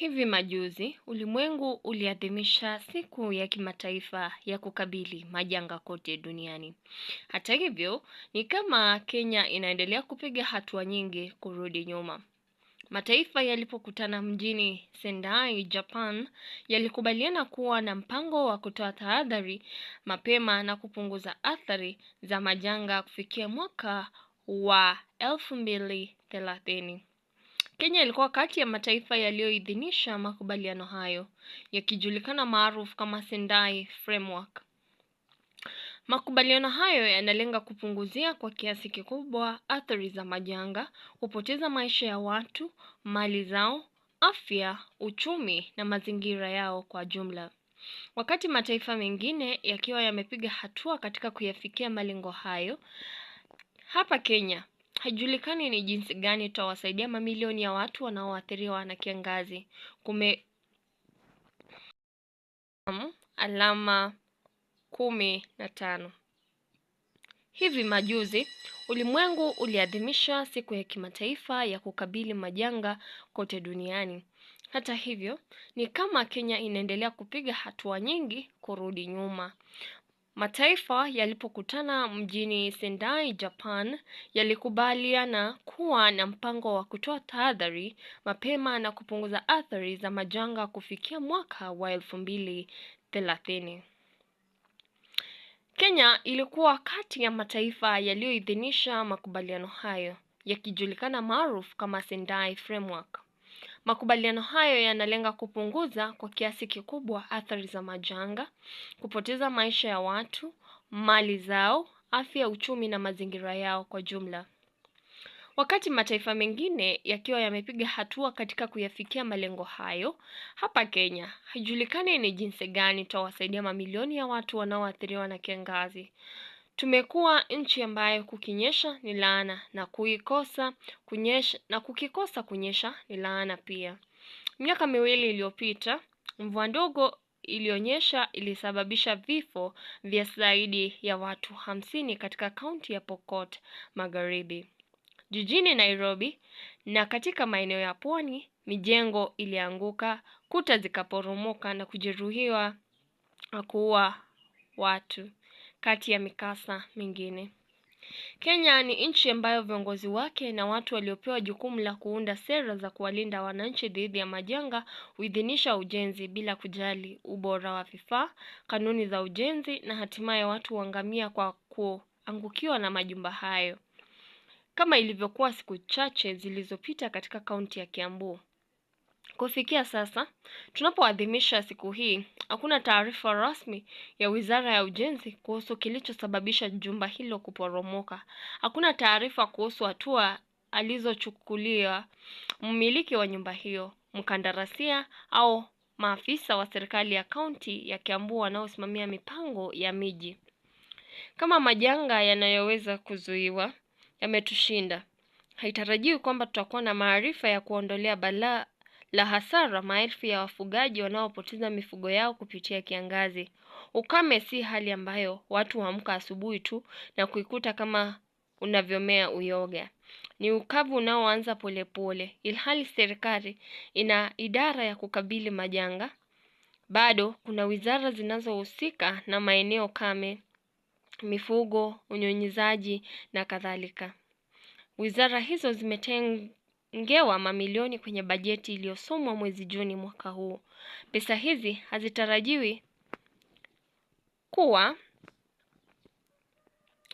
Hivi majuzi ulimwengu uliadhimisha siku ya kimataifa ya kukabili majanga kote duniani. Hata hivyo, ni kama Kenya inaendelea kupiga hatua nyingi kurudi nyuma. Mataifa yalipokutana mjini Sendai, Japan, yalikubaliana kuwa na mpango wa kutoa tahadhari mapema na kupunguza athari za majanga kufikia mwaka wa elfu mbili thelathini. Kenya ilikuwa kati ya mataifa yaliyoidhinisha makubaliano hayo, yakijulikana maarufu kama Sendai Framework. Makubaliano hayo yanalenga kupunguzia kwa kiasi kikubwa athari za majanga, kupoteza maisha ya watu, mali zao, afya, uchumi na mazingira yao kwa jumla. Wakati mataifa mengine yakiwa yamepiga hatua katika kuyafikia malengo hayo, hapa Kenya Haijulikani ni jinsi gani tutawasaidia mamilioni ya watu wanaoathiriwa na kiangazi. Kume alama kumi na tano. Hivi majuzi ulimwengu uliadhimisha siku ya kimataifa ya kukabili majanga kote duniani. Hata hivyo, ni kama Kenya inaendelea kupiga hatua nyingi kurudi nyuma. Mataifa yalipokutana mjini Sendai, Japan, yalikubaliana kuwa na mpango wa kutoa tahadhari mapema na kupunguza athari za majanga kufikia mwaka wa elfu mbili thelathini. Kenya ilikuwa kati ya mataifa yaliyoidhinisha makubaliano hayo, yakijulikana maarufu kama Sendai Framework. Makubaliano hayo yanalenga kupunguza kwa kiasi kikubwa athari za majanga, kupoteza maisha ya watu, mali zao, afya, uchumi na mazingira yao kwa jumla. Wakati mataifa mengine yakiwa yamepiga hatua katika kuyafikia malengo hayo, hapa Kenya haijulikani ni jinsi gani tutawasaidia mamilioni ya watu wanaoathiriwa na kiangazi. Tumekuwa nchi ambayo kukinyesha ni laana na kuikosa kunyesha na kukikosa kunyesha ni laana pia. Miaka miwili iliyopita, mvua ndogo ilionyesha ilisababisha vifo vya zaidi ya watu hamsini katika kaunti ya Pokot Magharibi. Jijini Nairobi na katika maeneo ya pwani, mijengo ilianguka, kuta zikaporomoka na kujeruhiwa na kuua watu kati ya mikasa mingine. Kenya ni nchi ambayo viongozi wake na watu waliopewa jukumu la kuunda sera za kuwalinda wananchi dhidi ya majanga huidhinisha ujenzi bila kujali ubora wa vifaa, kanuni za ujenzi na hatimaye watu huangamia kwa kuangukiwa na majumba hayo. Kama ilivyokuwa siku chache zilizopita katika kaunti ya Kiambu. Kufikia sasa, tunapoadhimisha siku hii, hakuna taarifa rasmi ya Wizara ya Ujenzi kuhusu kilichosababisha jumba hilo kuporomoka. Hakuna taarifa kuhusu hatua alizochukuliwa mmiliki wa nyumba hiyo, mkandarasia au maafisa wa serikali ya kaunti ya Kiambu wanaosimamia mipango ya miji. Kama majanga yanayoweza kuzuiwa yametushinda, haitarajiwi kwamba tutakuwa na maarifa ya kuondolea balaa la hasara maelfu ya wafugaji wanaopoteza mifugo yao kupitia kiangazi. Ukame si hali ambayo watu huamka asubuhi tu na kuikuta kama unavyomea uyoga. Ni ukavu unaoanza polepole, ilhali serikali ina idara ya kukabili majanga. Bado kuna wizara zinazohusika na maeneo kame, mifugo, unyunyizaji na kadhalika. Wizara hizo zimetengwa ingewa mamilioni kwenye bajeti iliyosomwa mwezi Juni mwaka huu. Pesa hizi hazitarajiwi kuwa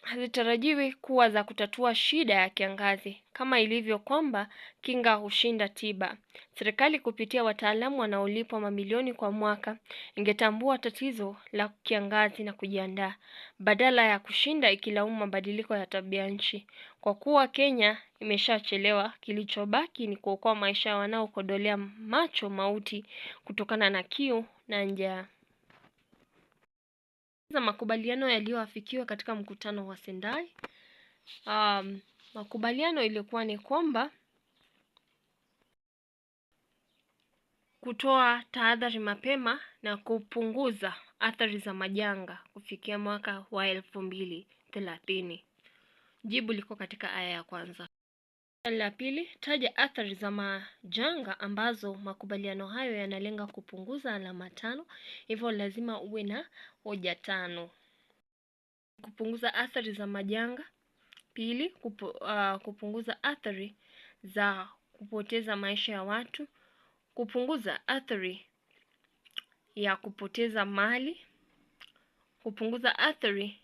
hazitarajiwi kuwa za kutatua shida ya kiangazi kama ilivyo kwamba kinga hushinda tiba. Serikali kupitia wataalamu wanaolipwa mamilioni kwa mwaka ingetambua tatizo la kiangazi na kujiandaa, badala ya kushinda ikilaumu mabadiliko ya tabia nchi. Kwa kuwa Kenya imeshachelewa, kilichobaki ni kuokoa maisha ya wanaokodolea macho mauti kutokana na kiu na njaa za makubaliano yaliyoafikiwa katika mkutano wa Sendai. Um, makubaliano ilikuwa ni kwamba kutoa tahadhari mapema na kupunguza athari za majanga kufikia mwaka wa elfu mbili thelathini. Jibu liko katika aya ya kwanza. La pili, taja athari za majanga ambazo makubaliano hayo yanalenga kupunguza alama tano, hivyo lazima uwe na hoja tano. Kupunguza athari za majanga. Pili, kupu, uh, kupunguza athari za kupoteza maisha ya watu, kupunguza athari ya kupoteza mali, kupunguza athari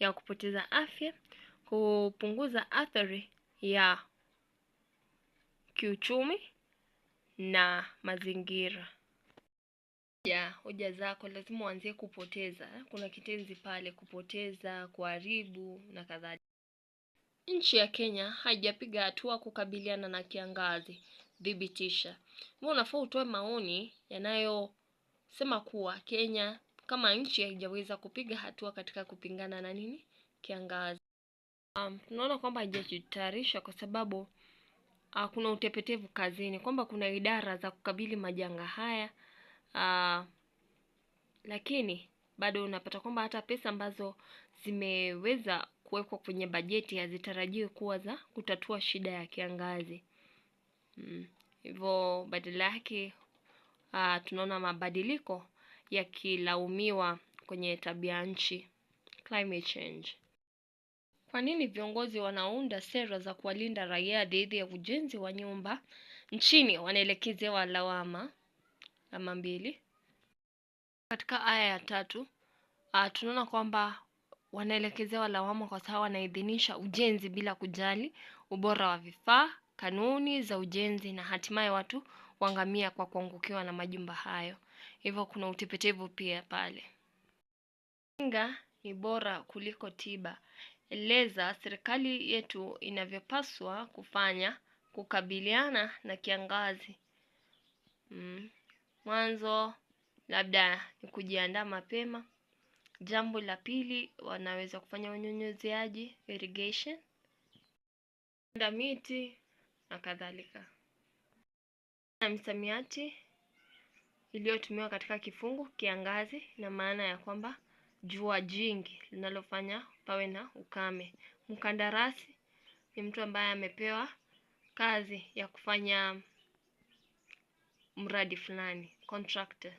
ya kupoteza afya, kupunguza athari ya kiuchumi na mazingira. Ya hoja zako lazima uanzie kupoteza. Kuna kitenzi pale kupoteza, kuharibu na kadhalika. Nchi ya Kenya haijapiga hatua kukabiliana na kiangazi. Thibitisha. Wewe unafaa utoe maoni yanayosema kuwa Kenya kama nchi haijaweza kupiga hatua katika kupingana na nini kiangazi. Um, tunaona kwamba haijajitayarisha kwa sababu uh, kuna utepetevu kazini, kwamba kuna idara za kukabili majanga haya uh, lakini bado unapata kwamba hata pesa ambazo zimeweza kuwekwa kwenye bajeti hazitarajiwi kuwa za kutatua shida ya kiangazi. Hmm, Hivyo mm, badala yake uh, tunaona mabadiliko yakilaumiwa kwenye tabia nchi, climate change. Kwa nini viongozi wanaunda sera za kuwalinda raia dhidi ya ujenzi wa nyumba nchini wanaelekezewa lawama? Lama mbili. Katika aya ya tatu uh, tunaona kwamba wanaelekezewa lawama kwa sababu wanaidhinisha ujenzi bila kujali ubora wa vifaa, kanuni za ujenzi na hatimaye watu wangamia kwa kuangukiwa na majumba hayo. Hivyo kuna utepetevu pia pale ni bora kuliko tiba. Eleza serikali yetu inavyopaswa kufanya kukabiliana na kiangazi. Mm. Mwanzo labda ni kujiandaa mapema. Jambo la pili wanaweza kufanya unyunyuziaji irrigation, panda miti na kadhalika. Na msamiati iliyotumiwa katika kifungu kiangazi na maana ya kwamba jua jingi linalofanya pawe na ukame. Mkandarasi ni mtu ambaye amepewa kazi ya kufanya mradi fulani, contractor.